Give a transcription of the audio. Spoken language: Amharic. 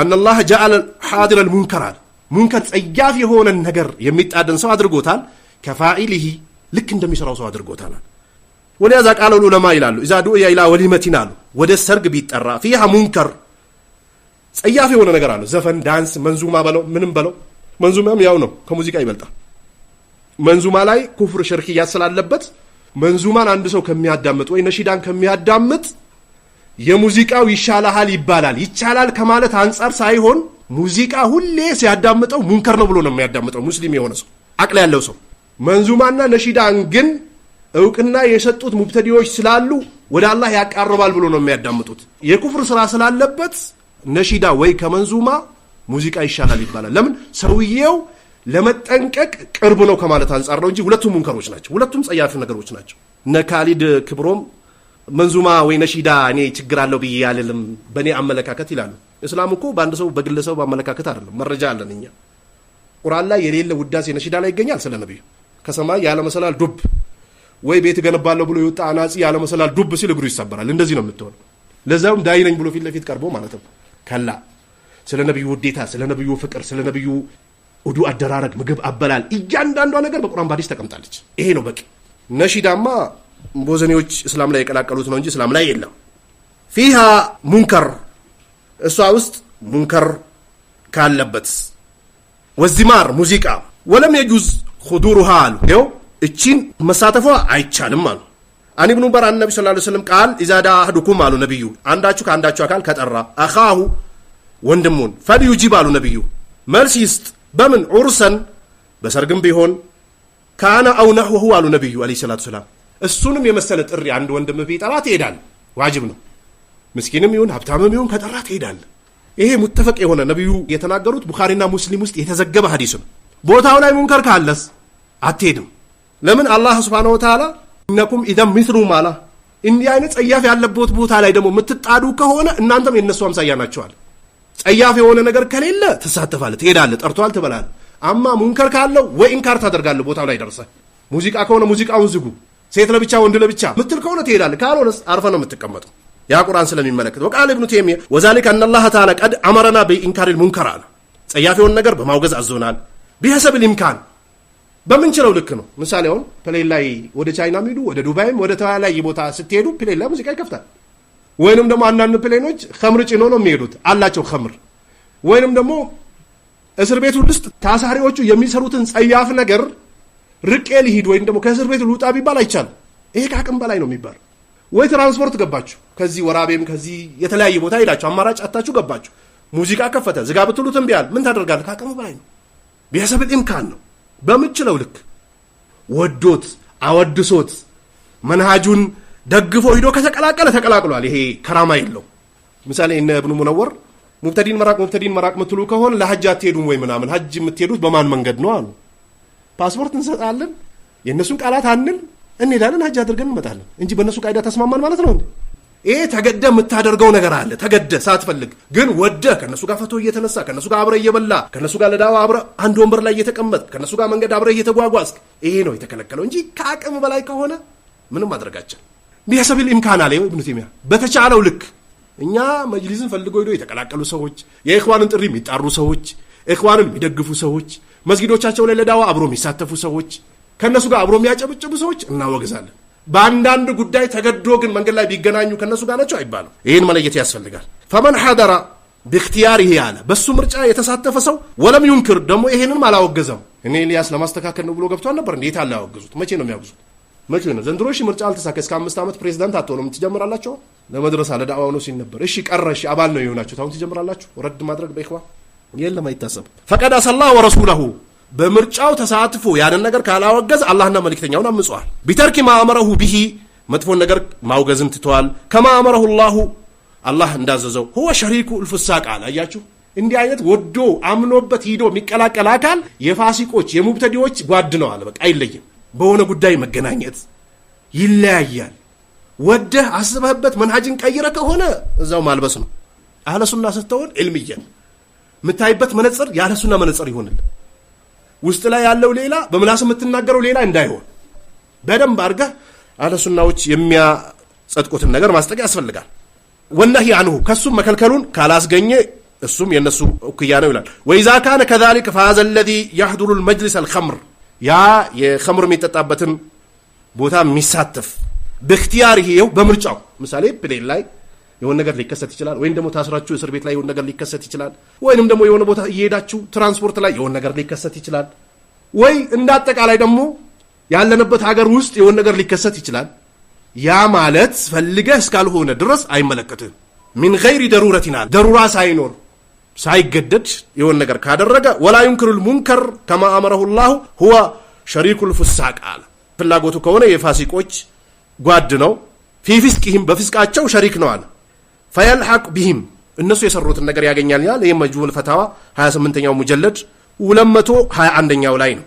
አነላህ ጃአለ ሓዲረል ሙንከራል ሙንከር ጸያፍ የሆነን ነገር የሚጣደን ሰው አድርጎታል። ከፋኢሊሂ ልክ እንደሚሠራው ሰው አድርጎታል። ወሊያዛ ቃለሉ ለማ ይላሉ ኢዛ ዱእያ ኢላ ወሊመቲን አሉ ወደ ሰርግ ቢጠራ ፊሃ ሙንከር ጸያፍ የሆነ ነገር አለ። ዘፈን፣ ዳንስ፣ መንዙማ በለው ምንም በለው መንዙማም ያው ነው፣ ከሙዚቃ ይበልጣል። መንዙማ ላይ ኩፍር ሽርክያ ስላለበት መንዙማን አንድ ሰው ከሚያዳምጥ ወይ ነሺዳን ከሚያዳምጥ የሙዚቃው ይሻላሃል ይባላል። ይቻላል ከማለት አንጻር ሳይሆን ሙዚቃ ሁሌ ሲያዳምጠው ሙንከር ነው ብሎ ነው የሚያዳምጠው ሙስሊም የሆነ ሰው፣ አቅል ያለው ሰው። መንዙማና ነሺዳን ግን እውቅና የሰጡት ሙብተዲዎች ስላሉ ወደ አላህ ያቃርባል ብሎ ነው የሚያዳምጡት። የኩፍር ስራ ስላለበት ነሺዳ ወይ ከመንዙማ ሙዚቃ ይሻላል ይባላል። ለምን ሰውየው ለመጠንቀቅ ቅርብ ነው ከማለት አንጻር ነው እንጂ ሁለቱም ሙንከሮች ናቸው። ሁለቱም ጸያፊ ነገሮች ናቸው። እነ ካሊድ ክብሮም መንዙማ ወይ ነሺዳ እኔ ችግር አለው ብዬ አልልም፣ በእኔ አመለካከት ይላሉ። እስላም እኮ በአንድ ሰው በግለሰቡ አመለካከት አይደለም። መረጃ አለን እኛ። ቁርአን ላይ የሌለ ውዳሴ ነሺዳ ላይ ይገኛል። ስለ ነቢዩ ከሰማይ ያለመሰላል ዱብ ወይ ቤት ገነባለሁ ብሎ የወጣ አናጺ ያለመሰላል ዱብ ሲል እግሩ ይሰበራል። እንደዚህ ነው የምትሆነው። ለዛውም ዳይ ነኝ ብሎ ፊት ለፊት ቀርቦ ማለት ነው። ከላ ስለ ነቢዩ ውዴታ፣ ስለ ነቢዩ ፍቅር፣ ስለ ነቢዩ ውዱ አደራረግ፣ ምግብ አበላል፣ እያንዳንዷ ነገር በቁርአን ባዲስ ተቀምጣለች። ይሄ ነው በቂ ነሺዳማ ቦዘኔዎች እስላም ላይ የቀላቀሉት ነው እንጂ እስላም ላይ የለም። ፊሃ ሙንከር እሷ ውስጥ ሙንከር ካለበት ወዚማር ሙዚቃ ወለም የጁዝ ሁዱሩሃ አሉ። ው እቺን መሳተፏ አይቻልም አሉ። አን ብኑ በር አነቢ ስላ ስለም ቃል ኢዛዳ አህዱኩም አሉ ነቢዩ፣ አንዳችሁ ከአንዳችሁ አካል ከጠራ አኻሁ ወንድሙን ፈልዩጂብ አሉ ነቢዩ፣ መልስ ይስጥ። በምን ዑርሰን በሰርግም ቢሆን ካነ አው አሉ ነቢዩ አለ ሰላቱ ሰላም እሱንም የመሰለ ጥሪ አንድ ወንድም ቢጠራ ትሄዳል። ዋጅብ ነው። ምስኪንም ይሁን ሀብታምም ይሁን ከጠራ ትሄዳል። ይሄ ሙተፈቅ የሆነ ነቢዩ የተናገሩት ቡኻሪና ሙስሊም ውስጥ የተዘገበ ሀዲስ ነው። ቦታው ላይ ሙንከር ካለስ አትሄድም። ለምን አላህ ስብሓነሁ ወተዓላ እነኩም ኢዘን ምስሉ ማላ እንዲህ አይነት ጸያፍ ያለበት ቦታ ላይ ደግሞ የምትጣዱ ከሆነ እናንተም የእነሱ አምሳያ ናቸዋል። ጸያፍ የሆነ ነገር ከሌለ ትሳተፋለ፣ ትሄዳለ፣ ጠርቷል፣ ትበላለህ። አማ ሙንከር ካለው ወይ ኢንካር ታደርጋለ ቦታው ላይ ደርሰ ሙዚቃ ከሆነ ሙዚቃውን ዝጉ። ሴት ለብቻ ወንድ ለብቻ ምትል ከሆነ ትሄዳል። ካልሆነስ አርፈ ነው የምትቀመጡ። ያ ቁርአን ስለሚመለከት ወቃል ብኑ ቴሚ ወዛሊክ አነ ተዓላ ቀድ አመረና በኢንካሪል ሙንከር አለ። ጸያፊውን ነገር በማውገዝ አዞናል። ቢሐሰብ ሊምካን በምንችለው ልክ ነው። ምሳሌ አሁን ፕሌን ላይ ወደ ቻይና የሚሄዱ ወደ ዱባይም ወደ ተለያየ ቦታ ስትሄዱ ፕሌን ላይ ሙዚቃ ይከፍታል። ወይንም ደግሞ አንዳንድ ፕሌኖች ከምር ጭኖ ነው የሚሄዱት አላቸው ከምር ወይንም ደግሞ እስር ቤቱ ውስጥ ታሳሪዎቹ የሚሰሩትን ጸያፍ ነገር ርቄ ልሂድ ወይም ደግሞ ከእስር ቤት ልውጣ ቢባል አይቻልም። ይሄ ከአቅም በላይ ነው የሚባል ወይ ትራንስፖርት ገባችሁ፣ ከዚህ ወራቤም ከዚህ የተለያየ ቦታ ሄዳችሁ አማራጭ አታችሁ ገባችሁ፣ ሙዚቃ ከፈተ ዝጋ ብትሉት እምቢ አለ። ምን ታደርጋለህ? ከአቅሙ በላይ ነው። ቢያሰብ ኢምካን ነው በምችለው ልክ ወዶት አወድሶት መንሃጁን ደግፎ ሂዶ ከተቀላቀለ ተቀላቅሏል። ይሄ ከራማ የለው። ምሳሌ እነ እብኑ ሙነወር ሙብተዲን መራቅ ሙብተዲን መራቅ ምትሉ ከሆን ለሀጅ አትሄዱም ወይ ምናምን ሀጅ የምትሄዱት በማን መንገድ ነው አሉ ፓስፖርት እንሰጣለን፣ የእነሱን ቃላት አንል እንሄዳለን፣ ሀጅ አድርገን እንመጣለን እንጂ በእነሱ ቃይዳ ተስማማን ማለት ነው። ይሄ ተገደ የምታደርገው ነገር አለ። ተገደ ሳትፈልግ ግን ወደ ከነሱ ጋር ፈቶ እየተነሳ ከነሱ ጋር አብረ እየበላ ከነሱ ጋር ለዳዋ አብረ አንድ ወንበር ላይ እየተቀመጥ ከነሱ ጋር መንገድ አብረ እየተጓጓዝክ ይሄ ነው የተከለከለው እንጂ ከአቅም በላይ ከሆነ ምንም አድረጋችን ቢያሰብል ኢምካን አለ ኢብኑ በተቻለው ልክ እኛ መጅሊስን ፈልጎ ሄዶ የተቀላቀሉ ሰዎች፣ የኢኽዋንን ጥሪ የሚጣሩ ሰዎች፣ ኢኽዋንን የሚደግፉ ሰዎች መስጊዶቻቸው ላይ ለዳዋ አብሮ የሚሳተፉ ሰዎች፣ ከእነሱ ጋር አብሮ የሚያጨበጭቡ ሰዎች እናወግዛለን። በአንዳንድ ጉዳይ ተገዶ ግን መንገድ ላይ ቢገናኙ ከእነሱ ጋር ናቸው አይባልም። ይህን መለየት ያስፈልጋል። ፈመን ሐደራ ብክትያር ይሄ አለ በሱ ምርጫ የተሳተፈ ሰው ወለም ዩንክር ደግሞ ይሄንም አላወገዘም። እኔ ኤልያስ ለማስተካከል ነው ብሎ ገብቷል ነበር። እንዴት አለ ያወገዙት? መቼ ነው የሚያወግዙት? መቼ ነው ዘንድሮ? እሺ ምርጫ አልተሳካ፣ እስከ አምስት ዓመት ፕሬዚዳንት አትሆኑም፣ ትጀምራላችሁ። ለመድረሳ ለዳዕዋ ነው ሲል ነበር። እሺ ቀረ፣ እሺ አባል ነው የሆናችሁ፣ አሁን ትጀምራላችሁ። ረድ ማድረግ በይክባ የለም አይታሰብ። ፈቀድ አሰላ ወረሱለሁ በምርጫው ተሳትፎ ያንን ነገር ካላወገዝ አላህና መልእክተኛውን አምፀዋል። ቢተርኪ ማአመረሁ ብሂ መጥፎን ነገር ማውገዝን ትተዋል። ከማአመረሁ ላሁ አላህ እንዳዘዘው ሁወ ሸሪኩ ልፍሳቅ አለ። አያችሁ እንዲህ አይነት ወዶ አምኖበት ሂዶ የሚቀላቀል አካል የፋሲቆች የሙብተዲዎች ጓድ ነው አለ። በቃ አይለይም። በሆነ ጉዳይ መገናኘት ይለያያል። ወደህ አስበህበት መንሃጅን ቀይረ ከሆነ እዛው ማልበስ ነው። አህለሱና ስትሆን ዕልምየን የምታይበት መነጽር ያለ ሱና መነጽር ይሆንል። ውስጥ ላይ ያለው ሌላ፣ በምላስ የምትናገረው ሌላ እንዳይሆን በደንብ አድርገህ አለ ሱናዎች የሚያጸድቁትን ነገር ማስጠቅ ያስፈልጋል። ወነህ አንሁ ከሱም መከልከሉን ካላስገኘ እሱም የእነሱ እኩያ ነው ይላል። ወኢዛ ካነ ከዛሊክ ፈሃዘ ለዚ ያሕዱሩ ልመጅሊስ አልኸምር ያ የኸምር የሚጠጣበትን ቦታ የሚሳተፍ በእክትያር ይሄው በምርጫው ምሳሌ ፕሌን ላይ የሆነ ነገር ሊከሰት ይችላል። ወይም ደግሞ ታስራችሁ እስር ቤት ላይ የሆነ ነገር ሊከሰት ይችላል። ወይንም ደግሞ የሆነ ቦታ እየሄዳችሁ ትራንስፖርት ላይ የሆነ ነገር ሊከሰት ይችላል። ወይ እንደ አጠቃላይ ደግሞ ያለንበት ሀገር ውስጥ የሆነ ነገር ሊከሰት ይችላል። ያ ማለት ፈልገህ እስካልሆነ ድረስ አይመለከትህም። ሚን ገይሪ ደሩረቲና ደሩራ ሳይኖር ሳይገደድ የሆነ ነገር ካደረገ ወላ ዩንክሩል ሙንከር ከማ አመረሁ ላሁ ሁዋ ሸሪኩል ፉሳቅ አለ። ፍላጎቱ ከሆነ የፋሲቆች ጓድ ነው። ፊ ፊስቅህም በፊስቃቸው ሸሪክ ነው አለ ፈየልሐቅ ቢህም እነሱ የሰሩትን ነገር ያገኛል ይላል። ይህ መጅሙል ፈታዋ 28ኛው ሙጀለድ 221ኛው ላይ ነው።